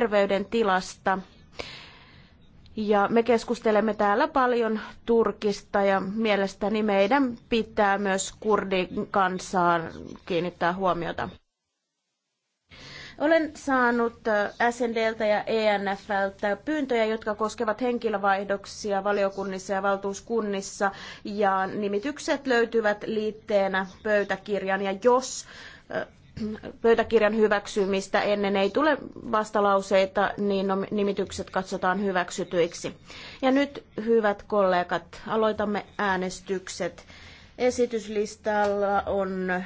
terveydentilasta. Ja me keskustelemme täällä paljon Turkista ja mielestäni meidän pitää myös kurdin kansaan kiinnittää huomiota. Olen saanut äh, SNDltä ja ENFltä pyyntöjä, jotka koskevat henkilövaihdoksia valiokunnissa ja valtuuskunnissa, ja nimitykset löytyvät liitteenä pöytäkirjan, ja jos äh, pöytäkirjan hyväksymistä ennen ei tule vastalauseita, niin nimitykset katsotaan hyväksytyiksi. Ja nyt, hyvät kollegat, aloitamme äänestykset. Esityslistalla on